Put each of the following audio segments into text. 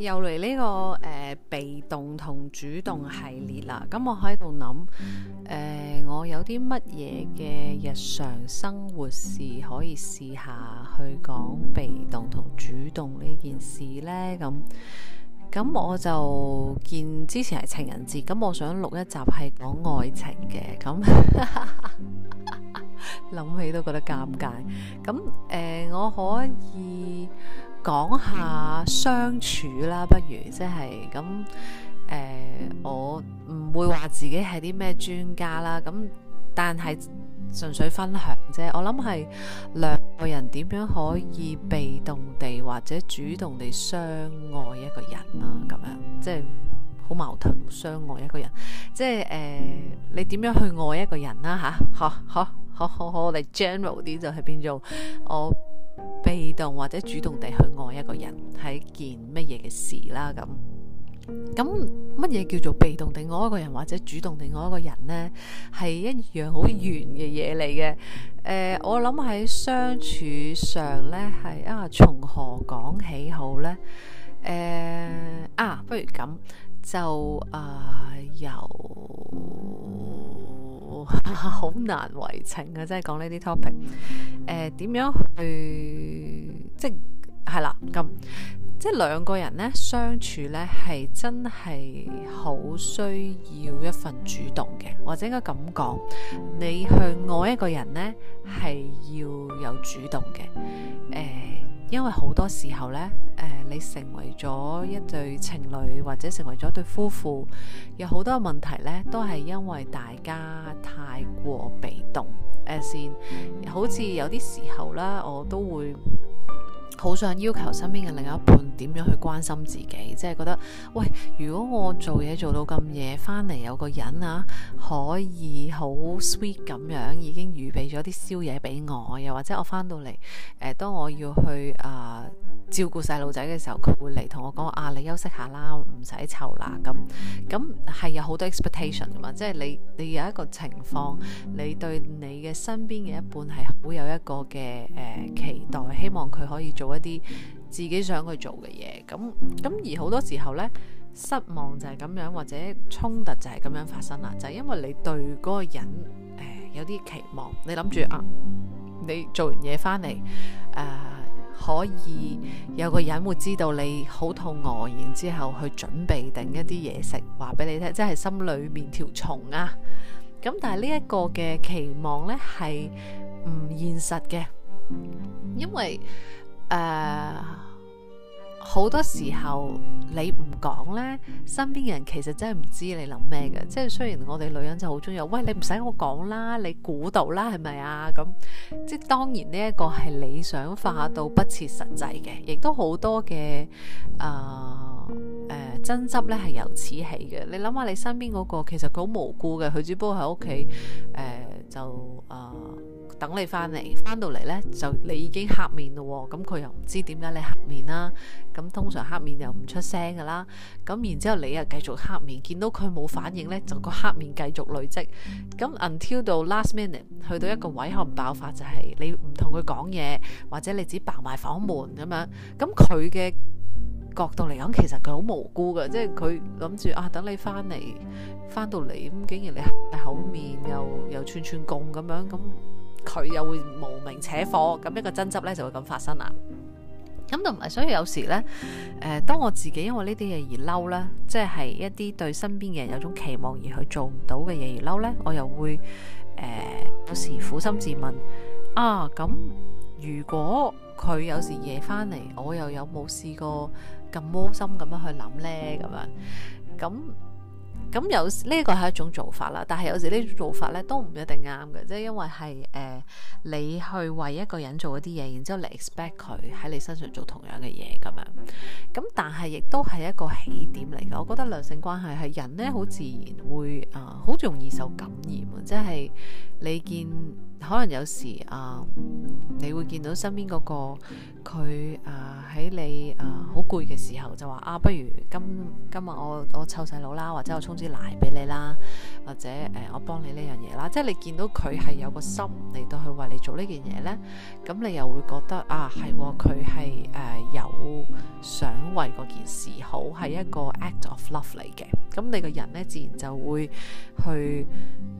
又嚟呢、這個誒、呃、被動同主動系列啦，咁我喺度諗，誒、呃、我有啲乜嘢嘅日常生活事可以試下去講被動同主動呢件事呢？咁咁我就見之前係情人節，咁我想錄一集係講愛情嘅，咁諗 起都覺得尷尬。咁誒、呃、我可以。講下相處啦，不如即係咁誒，我唔會話自己係啲咩專家啦，咁但係純粹分享啫。我諗係兩個人點樣可以被動地或者主動地相愛一個人啦，啊？咁樣即係好矛盾，相愛一個人，即係誒，你點樣去愛一個人啦？吓，好好好好，好，好我哋 general 啲就係變咗。我。被動或者主動地去愛一個人係一件乜嘢嘅事啦咁，咁乜嘢叫做被動地愛一個人或者主動地愛一個人呢？係一樣好圓嘅嘢嚟嘅。誒、呃，我諗喺相處上呢，係啊，從何講起好呢？誒、呃、啊，不如咁就啊由。呃好 難維情啊，呃呃，即係講呢啲 topic，誒，點樣去即係啦，咁即係兩個人呢，相處呢，係真係好需要一份主動嘅，或者應該咁講，你去愛一個人呢，係要有主動嘅，誒、呃。因為好多時候呢，誒、呃，你成為咗一對情侶或者成為咗一對夫婦，有好多問題呢都係因為大家太過被動。誒，先，好似有啲時候啦，我都會。好想要求身邊嘅另一半點樣去關心自己，即係覺得，喂，如果我做嘢做到咁夜，翻嚟有個人啊，可以好 sweet 咁樣，已經預備咗啲宵夜俾我，又或者我翻到嚟誒，當、呃、我要去啊。呃照顧細路仔嘅時候，佢會嚟同我講：啊，你休息下啦，唔使湊啦。咁咁係有好多 expectation 嘅嘛，即係你你有一個情況，你對你嘅身邊嘅一半係會有一個嘅誒期待，希望佢可以做一啲自己想去做嘅嘢。咁咁而好多時候呢，失望就係咁樣，或者衝突就係咁樣發生啦，就係因為你對嗰個人誒有啲期望，你諗住啊，你做完嘢翻嚟誒。呃可以有個人會知道你好肚餓，然之後去準備定一啲嘢食，話俾你聽，即係心裏面條蟲啊！咁但係呢一個嘅期望呢，係唔現實嘅，因為誒。呃好多時候你唔講呢，身邊人其實真係唔知你諗咩嘅。即係雖然我哋女人真係好中意，喂，你唔使我講啦，你估到啦係咪啊？咁即係當然呢一個係理想化到不切實際嘅，亦都好多嘅誒誒爭執呢係由此起嘅。你諗下你身邊嗰個，其實佢好無辜嘅，佢只不過喺屋企就誒、呃、等你翻嚟，翻到嚟咧就你已經黑面咯喎，咁佢又唔知點解你黑面啦。咁通常黑面又唔出聲噶啦。咁然之後你又繼續黑面，見到佢冇反應咧，就個黑面繼續累積，咁 until 到 last minute，去到一個位可能爆發就係你唔同佢講嘢，或者你只爆埋房門咁樣，咁佢嘅角度嚟講，其實佢好無辜嘅，即係佢諗住啊等你翻嚟，翻到嚟咁竟然你黑口面。串串供咁樣，咁佢又會無名扯火，咁一個爭執咧就會咁發生啦。咁同埋，所以有時咧，誒，當我自己因為呢啲嘢而嬲咧，即係一啲對身邊嘅人有種期望而佢做唔到嘅嘢而嬲咧，我又會誒有時苦心自問啊，咁如果佢有時夜翻嚟，我又有冇試過咁窩心咁樣去諗咧，咁樣咁。咁有呢、這個係一種做法啦，但係有時呢種做法咧都唔一定啱嘅，即係因為係誒、呃、你去為一個人做一啲嘢，然之後你 expect 佢喺你身上做同樣嘅嘢咁樣。咁但係亦都係一個起點嚟嘅。我覺得兩性關係係人咧好自然會啊，好、呃、容易受感染啊，即係你見。可能有時啊、呃，你會見到身邊嗰、那個佢啊喺你啊好攰嘅時候就，就話啊，不如今今日我我湊細佬啦，或者我沖支奶俾你啦，或者誒、呃、我幫你呢樣嘢啦，即係你見到佢係有個心嚟到去為你做呢件嘢呢，咁你又會覺得啊係喎，佢係誒有想為嗰件事好，係一個 act of love 嚟嘅，咁你個人呢，自然就會去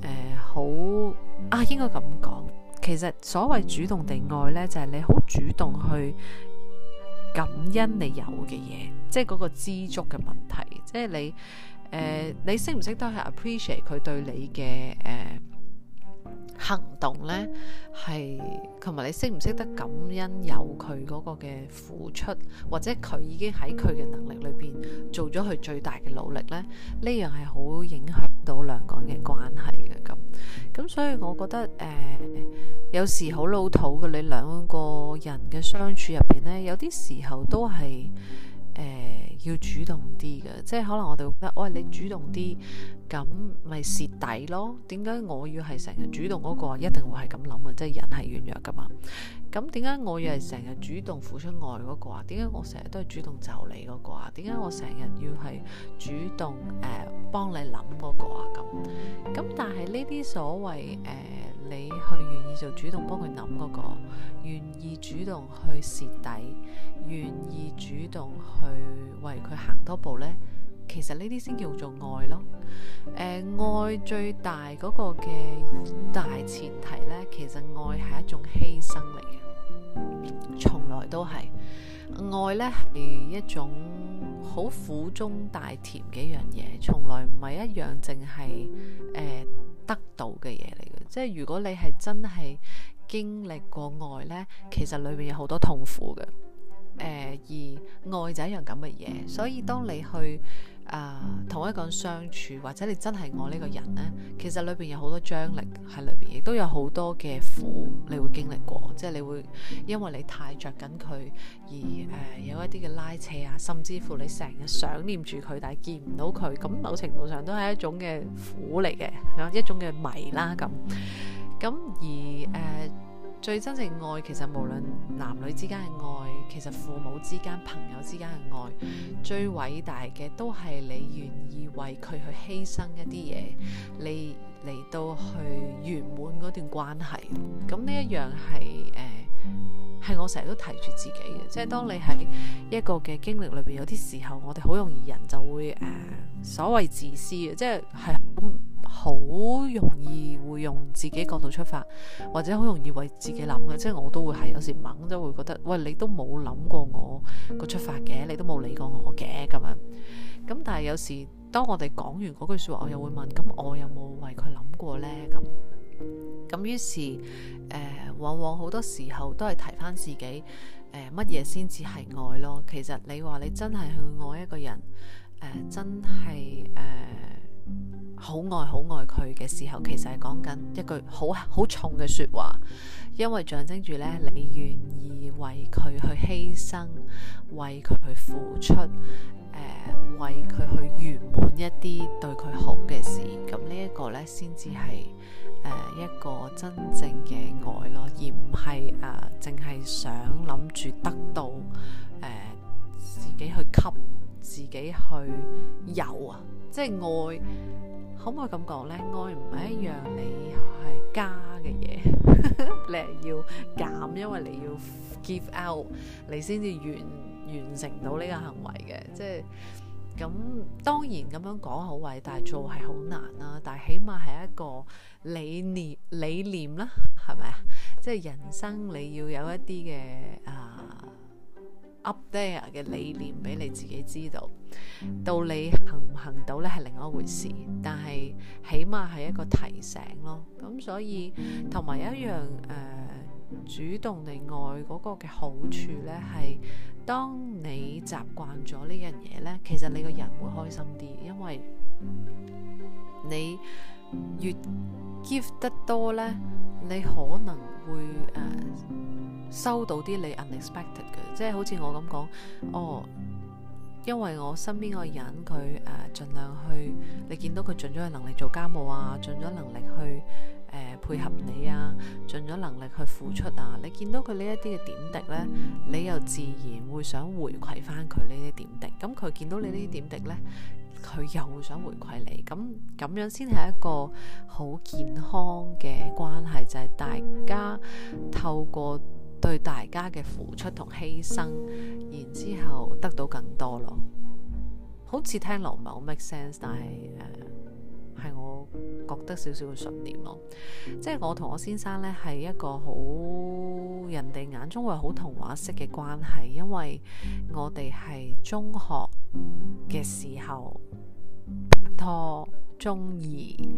誒好。呃啊，應該咁講，其實所謂主動地愛咧，就係、是、你好主動去感恩你有嘅嘢，即係個知足嘅問題，即係你誒、呃，你識唔識得去 appreciate 佢對你嘅誒、呃、行動咧？係同埋你識唔識得感恩有佢個嘅付出，或者佢已經喺佢嘅能力裏邊做咗佢最大嘅努力咧？呢樣係好影響。到兩個人嘅關係嘅咁，咁所以我覺得誒、呃，有時好老土嘅，你兩個人嘅相處入邊呢，有啲時候都係誒、呃、要主動啲嘅，即係可能我哋會覺得，喂、哎，你主動啲。咁咪蝕底咯？點解我要係成日主動嗰個啊？一定會係咁諗嘅，即係人係軟弱噶嘛。咁點解我要係成日主動付出愛嗰個啊？點解我成日都係主動就你嗰個啊？點解我成日要係主動誒幫你諗嗰個啊？咁咁，但係呢啲所謂誒，你去願意就主動幫佢諗嗰個，願意主動去蝕底，願意主動去為佢行多步呢？其實呢啲先叫做愛咯，誒，愛最大嗰個嘅大前提咧，其實愛係一種犧牲嚟嘅，從來都係，愛咧係一種好苦中帶甜嘅一樣嘢，從來唔係一樣淨係誒得到嘅嘢嚟嘅，即係如果你係真係經歷過愛咧，其實裏面有好多痛苦嘅，誒，而愛就一樣咁嘅嘢，所以當你去。啊、呃，同一個人相處，或者你真係愛呢個人呢，其實裏邊有好多張力喺裏邊，亦都有好多嘅苦，你會經歷過，即係你會因為你太着緊佢而誒、呃、有一啲嘅拉扯啊，甚至乎你成日想念住佢，但係見唔到佢，咁某程度上都係一種嘅苦嚟嘅，一種嘅迷啦咁，咁而誒。呃最真正愛其實無論男女之間嘅愛，其實父母之間、朋友之間嘅愛，最偉大嘅都係你願意為佢去犧牲一啲嘢，你嚟到去圓滿嗰段關係。咁呢一樣係誒，係、呃、我成日都提住自己嘅，即係當你喺一個嘅經歷裏邊有啲時候，我哋好容易人就會誒、呃、所謂自私嘅，即係係。好容易會用自己角度出發，或者好容易為自己諗嘅，即係我都會係有時懵，都會覺得喂，你都冇諗過我個出發嘅，你都冇理過我嘅咁樣咁。但係有時當我哋講完嗰句說話，我又會問咁，我有冇為佢諗過呢？」咁咁，於是誒，往往好多時候都係提翻自己乜嘢先至係愛咯？其實你話你真係去愛一個人，呃、真係誒。呃好愛好愛佢嘅時候，其實係講緊一句好好重嘅說話，因為象徵住呢：你願意為佢去犧牲，為佢去付出，誒、呃，為佢去圓滿一啲對佢好嘅事。咁呢一個呢，先至係一個真正嘅愛咯，而唔係誒淨係想諗住得到、呃，自己去吸，自己去有啊，即係愛。可唔可以咁講呢？愛唔係一樣，你係加嘅嘢，你係要減，因為你要 give out，你先至完完成到呢個行為嘅。即係咁，當然咁樣講好偉大，但係做係好難啦。但係起碼係一個理念理念啦，係咪啊？即係人生你要有一啲嘅啊～update 嘅理念俾你自己知道，到你行唔行到呢係另外一回事，但係起碼係一個提醒咯。咁所以同埋一樣誒、呃，主動地愛嗰個嘅好處呢，係當你習慣咗呢樣嘢呢，其實你個人會開心啲，因為你。越 give 得多呢，你可能會誒、呃、收到啲你 unexpected 嘅，即係好似我咁講，哦，因為我身邊個人佢誒、呃、盡量去，你見到佢盡咗嘅能力做家務啊，盡咗能力去誒、呃、配合你啊，盡咗能力去付出啊，你見到佢呢一啲嘅點滴呢，你又自然會想回饋翻佢呢啲點滴，咁佢見到你呢啲點滴呢。佢又想回饋你，咁咁樣先係一個好健康嘅關係，就係、是、大家透過對大家嘅付出同犧牲，然之後得到更多咯。好似聽落唔係好 make sense，但係誒係我覺得少少嘅信念咯。即係我同我先生咧係一個好人哋眼中會好童話式嘅關係，因為我哋係中學嘅時候拍拖中意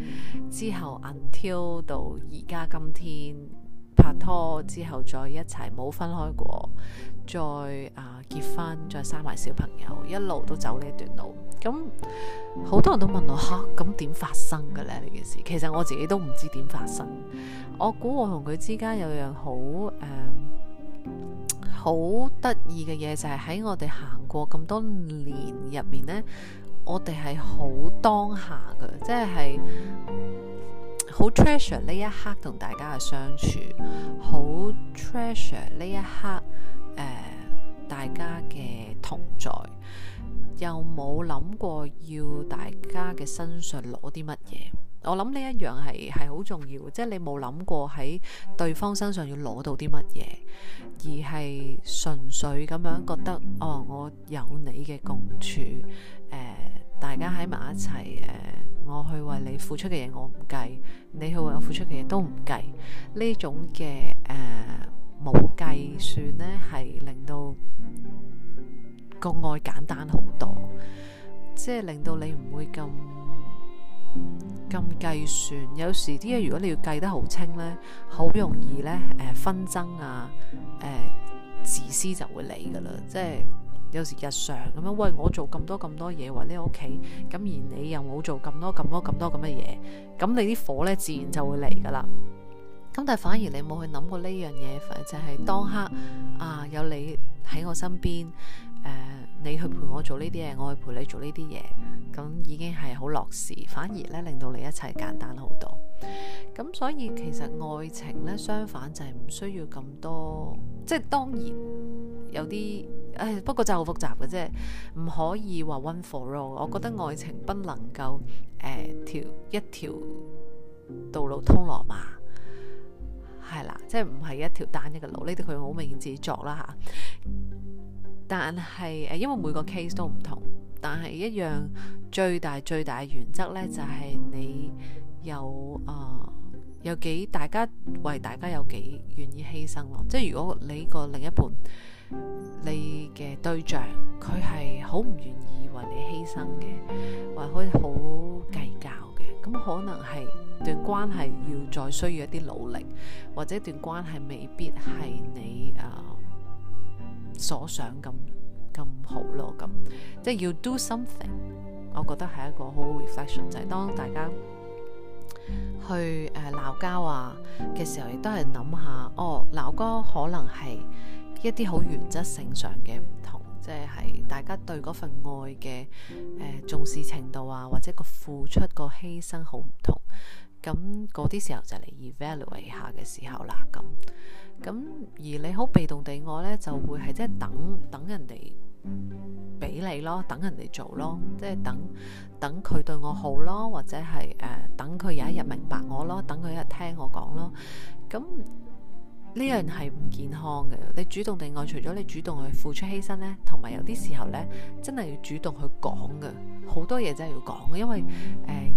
之後 until 到而家今天拍拖之後再一齊冇分開過再啊、呃、結婚再生埋小朋友一路都走呢一段路。咁好多人都問我吓，咁點發生嘅呢？呢件事其實我自己都唔知點發生，我估我同佢之間有樣好好得意嘅嘢就係、是、喺我哋行過咁多年入面呢，我哋係好當下嘅，即係好 treasure 呢一刻同大家嘅相處，好 treasure 呢一刻、呃、大家嘅同在，又冇諗過要大家嘅身上攞啲乜嘢。我諗呢一樣係係好重要，即係你冇諗過喺對方身上要攞到啲乜嘢，而係純粹咁樣覺得哦，我有你嘅共處，誒、呃，大家喺埋一齊，誒、呃，我去為你付出嘅嘢我唔計，你去為我付出嘅嘢都唔計，呢種嘅誒冇計算呢，係令到個愛簡單好多，即係令到你唔會咁。咁計算，有時啲嘢，如果你要計得好清呢，好容易呢，誒、呃、紛爭啊，誒、呃、自私就會嚟噶啦。即係有時日常咁樣，喂，我做咁多咁多嘢，或者你屋企，咁而你又冇做咁多咁多咁多咁嘅嘢，咁你啲火呢自然就會嚟噶啦。咁但係反而你冇去諗過呢樣嘢，就係、是、當刻啊有你喺我身邊。誒、呃，你去陪我做呢啲嘢，我去陪你做呢啲嘢，咁已經係好樂事，反而咧令到你一切簡單好多。咁所以其實愛情咧，相反就係唔需要咁多，即係當然有啲誒，不過就係好複雜嘅啫，唔可以話 one for all，我覺得愛情不能夠誒條一條道路通羅馬，係啦，即係唔係一條單一嘅路，呢啲佢好明顯自己作啦吓。但係誒，因為每個 case 都唔同，但係一樣最大最大原則呢，就係、是、你有誒、呃、有幾大家為大家有幾願意犧牲咯。即係如果你個另一半，你嘅對象佢係好唔願意為你犧牲嘅，或者好計較嘅，咁可能係段關係要再需要一啲努力，或者段關係未必係你誒。呃所想咁咁好咯，咁即係要 do something，我覺得係一個好 reflection。就係當大家去誒鬧交啊嘅時候，亦都係諗下，哦，鬧交可能係一啲好原則性上嘅唔同，即係大家對嗰份愛嘅、呃、重視程度啊，或者個付出個犧牲好唔同，咁嗰啲時候就嚟 evaluate 下嘅時候啦，咁。咁而你好被動地愛呢，就會係即係等等人哋俾你咯，等人哋做咯，即係等等佢對我好咯，或者係誒、呃、等佢有一日明白我咯，等佢一日聽我講咯。咁呢樣係唔健康嘅。你主動地愛，除咗你主動去付出犧牲呢，同埋有啲時候呢，真係要主動去講嘅，好多嘢真係要講嘅，因為誒。呃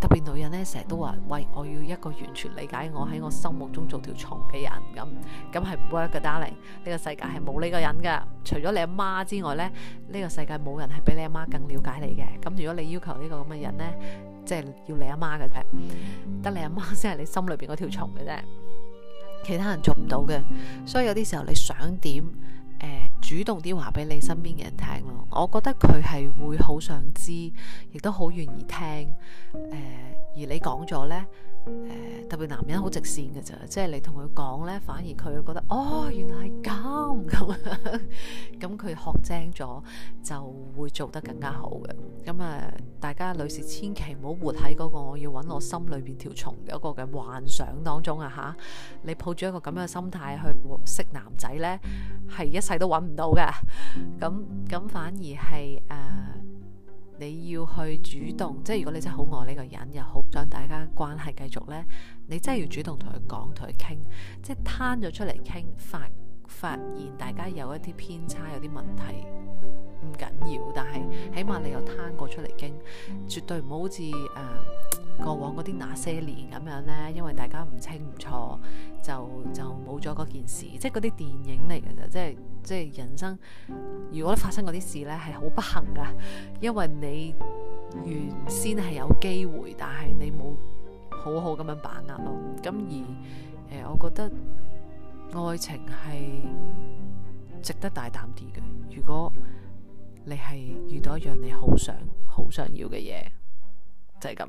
特別女人咧，成日都話喂，我要一個完全理解我喺我心目中做條蟲嘅人咁，咁係唔 work 嘅 darling。呢個世界係冇呢個人噶，除咗你阿媽之外咧，呢個世界冇人係比你阿媽更了解你嘅。咁如果你要求呢個咁嘅人咧，即係要你阿媽嘅啫，得你阿媽先係你心裏邊嗰條蟲嘅啫，其他人做唔到嘅。所以有啲時候你想點？主動啲話俾你身邊嘅人聽咯，我覺得佢係會好想知，亦都好願意聽。誒、呃，而你講咗呢。誒、呃，特別男人好直線噶咋，即係你同佢講呢，反而佢會覺得哦，原來係咁咁樣，咁佢學精咗就會做得更加好嘅。咁啊、呃，大家女士千祈唔好活喺嗰個我要搵我心裏邊條蟲一個嘅幻想當中啊吓！你抱住一個咁樣嘅心態去識男仔呢，係一世都搵唔到嘅。咁咁反而係誒。呃你要去主動，即係如果你真係好愛呢個人，又好想大家關係繼續呢，你真係要主動同佢講，同佢傾，即係攤咗出嚟傾，發發現大家有一啲偏差，有啲問題唔緊要，要，但係起碼你有攤過出嚟傾，絕對唔好好似誒，呃過往嗰啲那些年咁樣呢？因為大家唔清唔楚，就就冇咗嗰件事，即係嗰啲電影嚟嘅啫，即係即係人生。如果發生嗰啲事呢，係好不幸噶因為你原先係有機會，但係你冇好好咁樣把握咯。咁而誒、呃，我覺得愛情係值得大膽啲嘅。如果你係遇到一樣你好想、好想要嘅嘢，就係、係、咁。